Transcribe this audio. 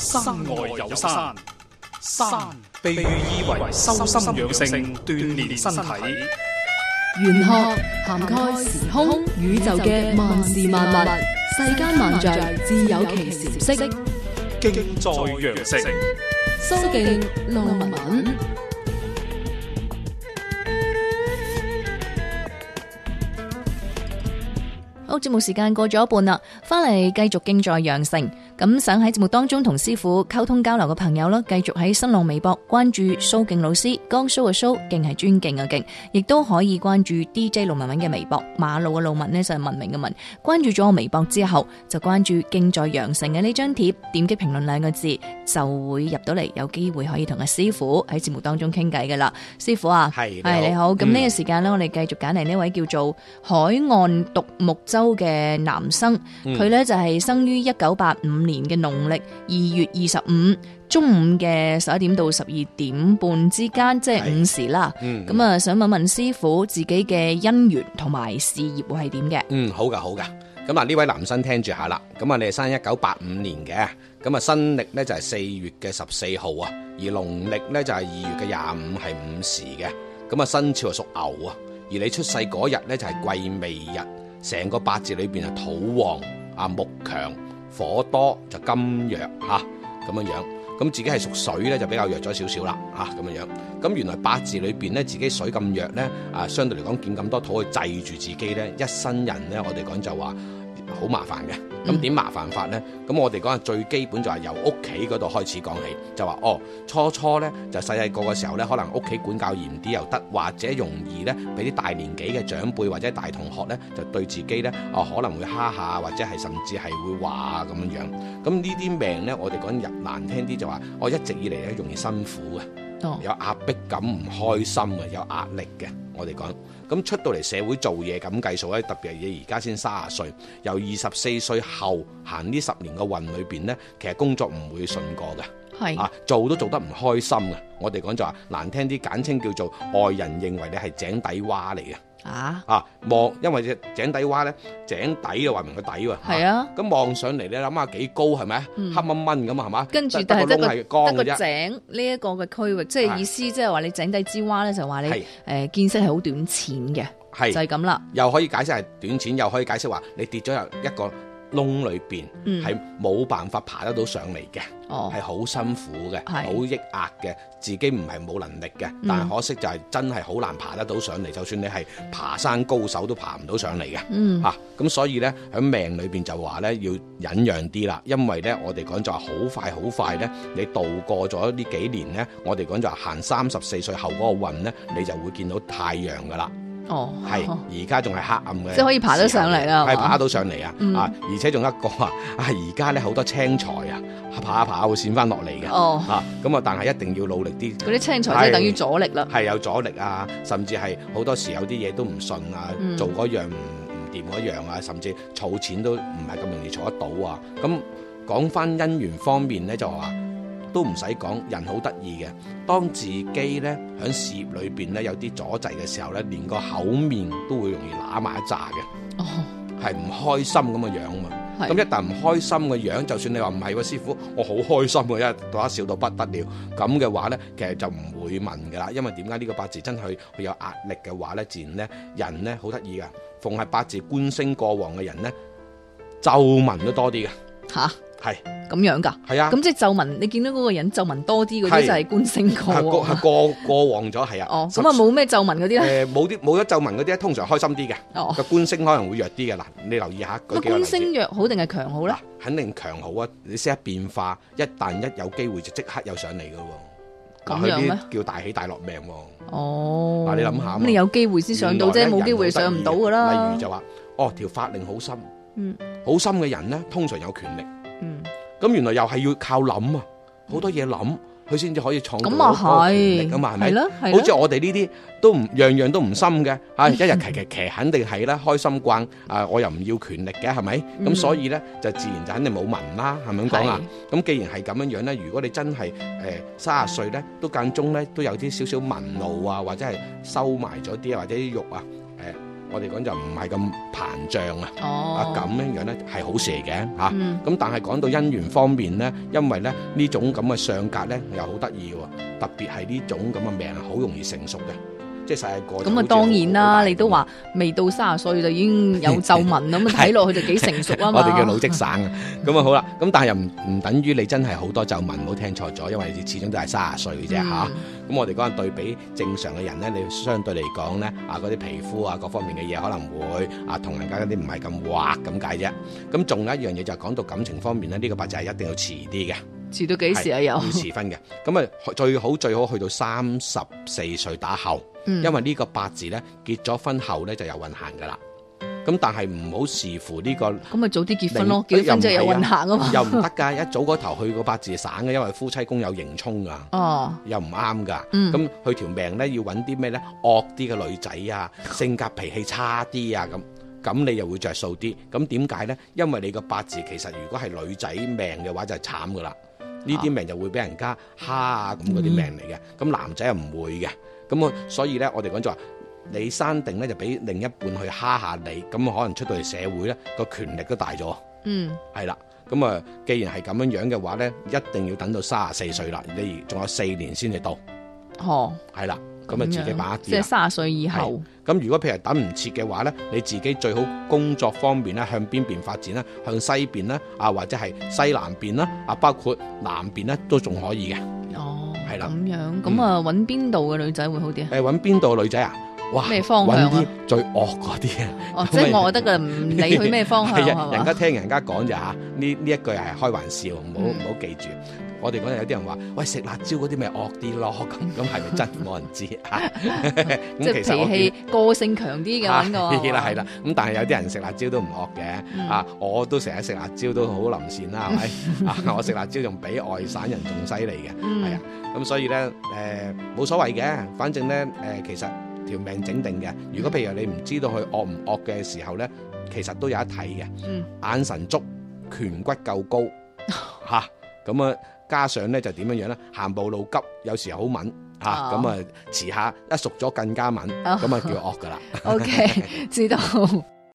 身外山身外有山，山被寓意為修心養性、鍛鍊身體。玄學涵蓋時空宇宙嘅萬事萬物，世間萬象自有其時式。敬在羊城，蘇敬陸文敏。好，節目時間過咗一半啦，翻嚟繼續敬在羊城。咁想喺節目當中同師傅溝通交流嘅朋友啦，繼續喺新浪微博關注蘇敬老師，江蘇嘅蘇敬係尊敬嘅敬，亦都可以關注 DJ 路文文嘅微博，馬路嘅路文呢就係文明嘅文。關注咗我微博之後，就關注敬在羊城嘅呢張帖，點擊評論兩個字，就會入到嚟，有機會可以同阿師傅喺節目當中傾偈㗎啦。師傅啊，係係你好，咁呢、嗯、個時間呢，我哋繼續揀嚟呢位叫做海岸獨木舟嘅男生，佢、嗯、呢就係生於一九八五。年嘅農曆二月二十五中午嘅十一點到十二點半之間，即係午時啦。咁啊，嗯嗯、想問問師傅，自己嘅姻緣同埋事業會係點嘅？嗯，好噶，好噶。咁啊，呢位男生聽住下啦。咁啊，你係生一九八五年嘅，咁啊，新曆呢就係四月嘅十四號啊，而農曆呢就係二月嘅廿五係午時嘅。咁啊，生肖屬牛啊，而你出世嗰日呢就係季未日，成個八字裏邊係土旺啊木強。火多就金弱嚇，咁樣樣，咁自己係屬水咧就比較弱咗少少啦，嚇，咁樣樣，咁、啊、原來八字裏面咧自己水咁弱咧，啊相對嚟講見咁多土去制住自己咧，一生人咧我哋講就話好麻煩嘅。咁點麻煩法呢？咁我哋講下最基本就係由屋企嗰度開始講起，就話哦，初初呢，就細細個嘅時候呢，可能屋企管教嚴啲又得，或者容易呢，俾啲大年紀嘅長輩或者大同學呢，就對自己呢，哦可能會蝦下，或者係甚至係會話咁樣樣。咁呢啲命呢，我哋講入難聽啲就話，我、哦、一直以嚟呢，容易辛苦嘅。.有壓迫感，唔開心、嗯、有壓力嘅。我哋講咁，出到嚟社會做嘢，咁計數咧，特別係你而家先三十歲，由二十四歲後行呢十年嘅運裏邊呢，其實工作唔會順過嘅。係啊，做都做得唔開心啊。我哋講就話難聽啲，簡稱叫做外人認為你係井底蛙嚟嘅。啊啊望，因為隻井底蛙咧，井底就話明個底喎。係啊。咁望上嚟你諗下幾高係咪，嗯？黑掹掹咁啊，係嘛？跟住就真得個窿係乾嘅啫。得個井呢一個嘅區域，即係意思即係話你井底之蛙咧，就話你誒見識係好短淺嘅。係就係咁啦。又可以解釋係短淺，又可以解釋話你跌咗入一個。窿裏邊係冇辦法爬得到上嚟嘅，係、嗯、好辛苦嘅，好抑壓嘅，自己唔係冇能力嘅、嗯，但係可惜就係真係好難爬得到上嚟，就算你係爬山高手都爬唔到上嚟嘅，嚇、嗯、咁、啊、所以呢，喺命裏邊就話呢要忍讓啲啦，因為呢我哋講就係好快好快呢，你度過咗呢幾年呢，我哋講就係行三十四歲後嗰個運呢，你就會見到太陽噶啦。哦，係而家仲係黑暗嘅，即可以爬得上嚟啦，係爬到上嚟啊，啊而且仲有一個啊，啊而家咧好多青材啊，爬一、啊、爬啊會閃翻落嚟嘅，啊咁啊但係一定要努力啲，嗰啲青材即係等於阻力啦，係有阻力啊，甚至係好多時有啲嘢都唔順啊，嗯、做嗰樣唔唔掂嗰樣啊，甚至儲錢都唔係咁容易儲得到啊，咁講翻姻緣方面咧就話。都唔使講，人好得意嘅。當自己呢，喺事業裏邊呢，有啲阻滯嘅時候呢，連個口面都會容易喇埋一揸嘅。哦，係唔開心咁嘅樣啊嘛。係。咁一旦唔開心嘅樣子，就算你話唔係喎，師傅，我好開心嘅，一大家笑到不得了。咁嘅話呢，其實就唔會問噶啦。因為點解呢個八字真係會有壓力嘅話呢？自然呢，人呢，好得意嘅。逢係八字官星過旺嘅人呢，皺紋都多啲嘅。吓？係咁樣噶，係啊，咁即係皺紋。你見到嗰個人皺紋多啲嗰啲就係官星過、哦、過過旺咗，係啊。哦，咁啊冇咩皺紋嗰啲咧？誒、呃，冇啲冇咗皺紋嗰啲咧，通常開心啲嘅。哦，個官星可能會弱啲嘅。嗱，你留意下。個官星弱好定係強好咧？肯定強好啊！你識得變化，一旦一有機會就即刻又上嚟噶咁樣叫大起大落命。哦。嗱、啊，你諗下。咁你有機會先上到啫，冇機會上唔到噶啦。例如就話哦，條法令好深，嗯，好深嘅人咧，通常有權力。嗯，咁原來又係要靠諗啊，好多嘢諗，佢先至可以創到咁啊係，係嗰個、力啊嘛係咪？係咯係咯，好似我哋呢啲都唔樣樣都唔深嘅，啊、嗯、一日騎騎騎肯定係啦，開心慣啊我又唔要權力嘅係咪？咁、嗯、所以咧就自然就肯定冇紋啦，係咪咁講啊？咁、啊、既然係咁樣樣咧，如果你真係誒卅歲咧都間中咧都有啲少少紋路啊，或者係收埋咗啲啊或者啲肉啊誒。呃我哋講就唔係咁膨脹、哦嗯、啊，啊咁樣樣咧係好蛇嘅嚇，咁但係講到姻緣方面咧，因為咧呢這種咁嘅相格咧又好得意喎，特別係呢種咁嘅命係好容易成熟嘅。即係實咁啊！當然啦，你都話未到卅歲就已經有皺紋咁啊，睇 落去就幾成熟啊嘛！ 我哋叫老積省啊！咁 啊好啦，咁但係又唔唔等於你真係好多皺紋，唔好聽錯咗，因為你始終都係卅歲嘅啫嚇。咁、嗯啊、我哋嗰陣對比正常嘅人咧，你相對嚟講咧啊，嗰啲皮膚啊各方面嘅嘢可能會啊同人家啲唔係咁滑咁解啫。咁仲有一樣嘢就係講到感情方面咧，呢、呢個八字係一定要遲啲嘅。遲到幾時啊？又要遲婚嘅咁啊，最好最好去到三十四歲打後，嗯、因為呢個八字咧結咗婚後咧就有運行噶啦。咁但係唔好視乎呢、這個咁咪、嗯、早啲結婚咯，結婚就、啊、有運行啊嘛，又唔得噶。一早嗰頭去個八字省嘅，因為夫妻宮有迎沖噶哦，又唔啱噶。咁佢條命咧要揾啲咩咧惡啲嘅女仔啊，性格脾氣差啲啊，咁咁你又會着數啲。咁點解咧？因為你個八字其實如果係女仔命嘅話就係慘噶啦。呢啲命就會俾人家蝦啊，咁嗰啲命嚟嘅，咁、嗯、男仔又唔會嘅，咁啊所以咧我哋講就話你生定咧就俾另一半去蝦下你，咁可能出到嚟社會咧個權力都大咗，嗯，係啦，咁啊既然係咁樣樣嘅話咧，一定要等到三十四歲啦，你仲有四年先至到，哦、嗯，係啦。咁咪自己把握住，即係卅歲以後。咁如果譬如等唔切嘅話咧，你自己最好工作方面咧向邊邊發展啦，向西邊啦，啊，或者係西南邊啦啊，包括南邊咧都仲可以嘅。哦，係啦，咁樣咁啊，揾邊度嘅女仔會好啲啊？誒，揾邊度女仔啊？咩方向揾啲最惡嗰啲啊！哦，即係惡得嘅，唔理佢咩方向係啊！ 人家聽人家講就嚇，呢呢一句係開玩笑，唔好唔好記住。我哋講有啲人話，喂，食辣椒嗰啲咪惡啲咯？咁咁係咪真的？冇 人知啊！即、嗯、係脾氣個性強啲嘅揾個。係啦係啦，咁但係有啲人食辣椒都唔惡嘅、嗯、啊！我都成日食辣椒都好臨線啦，係、嗯、咪、啊、我食辣椒仲比外省人仲犀利嘅，係、嗯、啊！咁所以咧，誒、呃、冇所謂嘅，反正咧，誒、呃、其實。條命整定嘅，如果譬如你唔知道佢惡唔惡嘅時候咧，其實都有一睇嘅、嗯。眼神足，顴骨夠高，嚇 咁啊，加上咧就點樣樣咧？行步路急，有時好敏嚇，咁啊，啊，啊，啊遲下一熟咗更加敏，咁、哦、啊叫惡噶啦。 OK，知道。